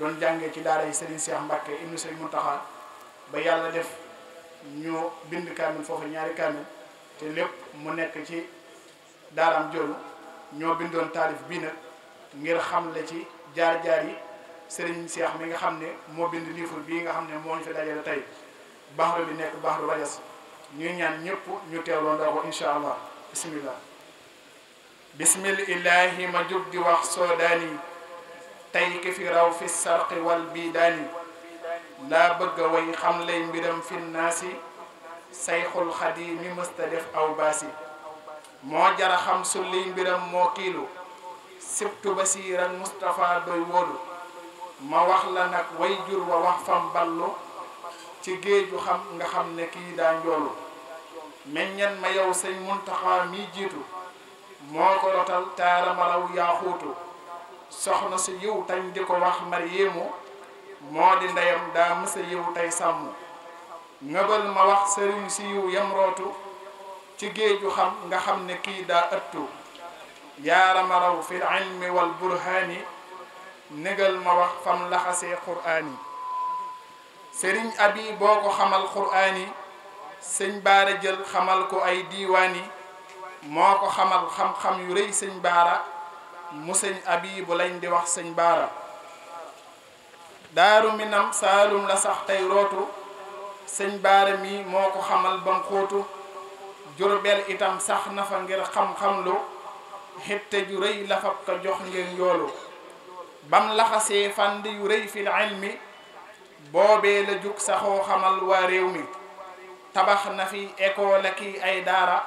doon jàngee ci daara yi Serigne Cheikh Mbacke ibnu Serigne Mountakha ba yàlla def ñu bind kaamil foofu ñaari kaamil te lépp mu nekk ci daaraam jolu ñoo bindoon taalif bii nag ngir xam la ci jaar-jaar yi Serigne Cheikh mi nga xam ne moo bind livre bii nga xam ne moo ñu fi dajale tey baxru bi nekk ba rajas ñuy ñaan ñëpp ñu teewloo ndax ko incha allah bismillah bismillahi ma jub di wax soodaani tey ki fi raw fi sarqi wal bidaani laa bëgg a way xam lay mbiram fi naasi sayxul xadiimi mësta def aw baasi moo jara xam sulliy mbiram moo kiilu sibtu basiiran Mustapha doy wóolu ma wax la nag way jur wa wax fam ballu ci géeju xam nga xam ne kii daa njoolu meññan ma yow sëñ muntaxaa mi jiitu moo ko rotal taara raw yaa soxna si yiw tañ di ko wax Mariyamu moo di ndeyam daa mës a yiw tey sàmm ngëbal ma wax sëriñ si yiw yam rootu ci géeju xam nga xam ne kii daa ëttu yaarama raw fi ilmi wal burhaani négal ma wax fam laxasee quraan sëriñ abi boo ko xamal quraan sëñ baara jël xamal ko ay diiwaan yi moo ko xamal xam-xam yu rëy sëñ baara mu sëñ abibu lañ di wax sëñ baara daaru minam saalum la sax tey rootu sëñ baara mi moo ko xamal bam xóotu jurbel itam sax na fa ngir xam-xam lu xette ju rëy la ko jox ngir njoolu bam laxasee fànd yu rëy fil mi boobee la jug saxoo xamal waa réew mi tabax na fi école ki ay daara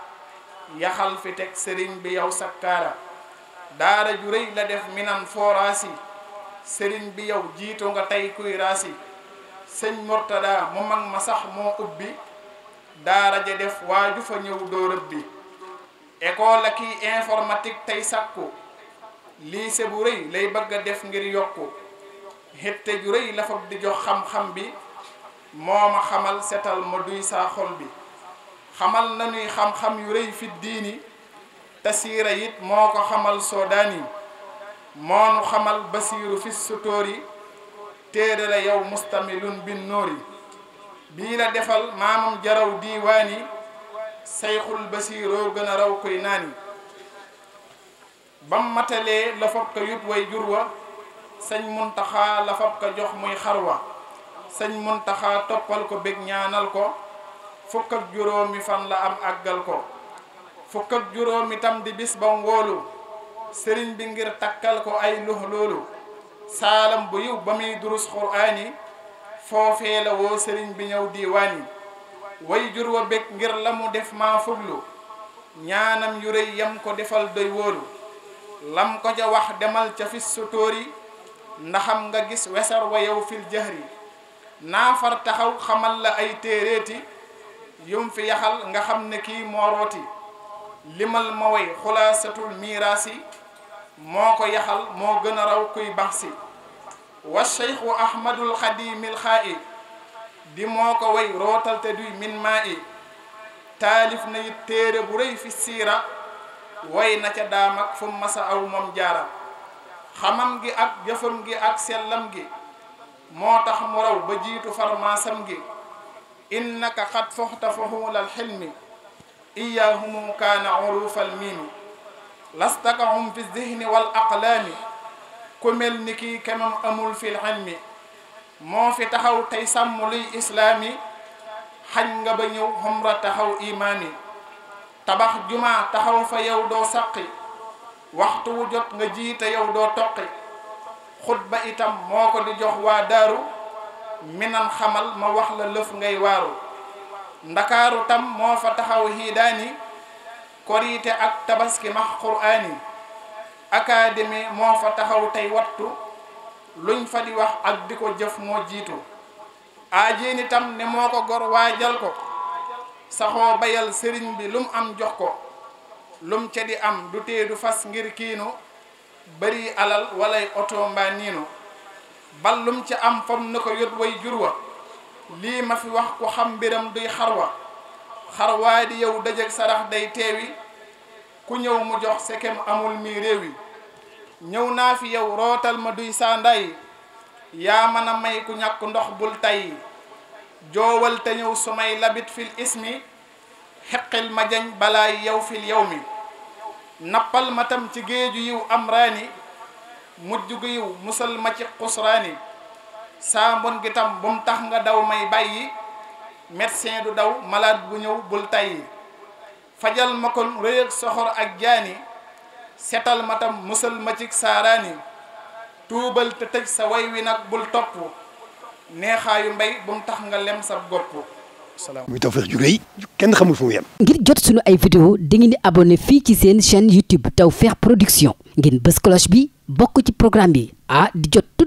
yaxal fi teg sëriñ bi yow sakkaara daara ju rëy la def minan fooraasi sëriñ bi yow jiitu nga tey kuy raasi sëñ Mortada mu mag ma sax moo ubbi daara ja def waa ju fa ñëw doo rëbbi école ak kii informatique tey sàkku lycée bu rëy lay bëgg a def ngir yokku xette ju rëy la fa di jox xam-xam bi moo ma xamal setal ma duy saa bi xamal nañuy xam-xam yu rëy fit diini tasiira it moo ko xamal soodaani moo nu xamal basiiru fi sutóori téere la yow mustamilun bin nóori bii la defal maamam jaraw yi sayxul basiiroo gën a raw koy naani bam matalee la fab ka way jur wa sëñ muntaxaa la fab jox muy xarwa sëñ muntaxaa toppal ko bég ñaanal ko fukk ak juróomi fan la am àggal ko fukk ak juróom itam di bis ba ngóolu sëriñ bi ngir takkal ko ay lux loolu saalam bu yiw ba muy durus quraan yi woo sëriñ bi ñëw diiwaan yi way jur wa bég ngir la mu def maa fuglu ñaanam yu rëy yam ko defal doy wóolu lam ko ca wax demal ca fis su tóor yi ndaxam nga gis wesar wa yow fil jahri naafar taxaw xamal la ay téeréeti yum fi yaxal nga xam ne kii moo limal ma way xulaasatul miiraasi moo ko yaxal moo gën a raw kuy bax si wa ahmadul xadimil xaa di moo ko way rootalte duy min maa taalif na it téere bu rëy fi siira way na ca daam ak fu masa aw moom jaara xamam gi ak jëfam gi ak sellam gi moo tax mu raw ba jiitu farmaasam gi innaka xat foxta fahuulal xilmi إياهم كان عروف الميم لاستقعهم في الذهن والأقلام كمل نكي كمم أمول في العلم moo fi taxaw tey sàmm luy islaam yi xañ nga ba ñëw xumra taxaw imaan yi tabax jumaa taxaw fa yaw doo saqi waxtu wu jot nga jiite yow doo toqi xutba itam moo ko di jox waa daaru minan xamal ma wax la lëf ngay waaru ndakaaru tam moo fa taxaw hiidaani korite ak tabaski max quraani académie moo fa taxaw tey wattu luñ fa di wax ak di ko jëf moo jiitu aajeeni tam ne moo ko gor waajal ko saxoo bayal sëriñ bi lum am jox ko lum ca di am du tee du fas ngir kiinu bëri alal walay oto mbaa bal lum ca am fam na ko yot way jur wa lii ma fi wax ku xam mbiram duy xarwa xarwaay yow dajeg sarax day teewi ku ñëw mu jox sekem amul mi réew yi ñëw naa fi yow rootal ma duy saanday yaa mën a may ku ñàkk ndox bul tay joowal te ñëw su may labit fil ismi xeqil ma jañ balaay yow fil yow mi nappal ma tam ci géeju yiw am raani mujj gu musal ma ci xusraani saa mbon gi tam bu mu tax nga daw may bàyyi médecin du daw malade bu ñëw bul tayyi fajal ma kon rëy ak soxor ak jaani setal ma tam musal ma cig saaraani tuubal te tëj sa way wi nag bul topp neexaayu mbay bu mu tax nga lem sa gopp salaam muy Tawfekh ju rëy kenn xamul fu mu yem ngir jot sunu ay vidéo dangeen di abonné fii ci seen chaîne YouTube Tawfekh Production ngeen bës cloche bi bokk ci programme bi ah di jot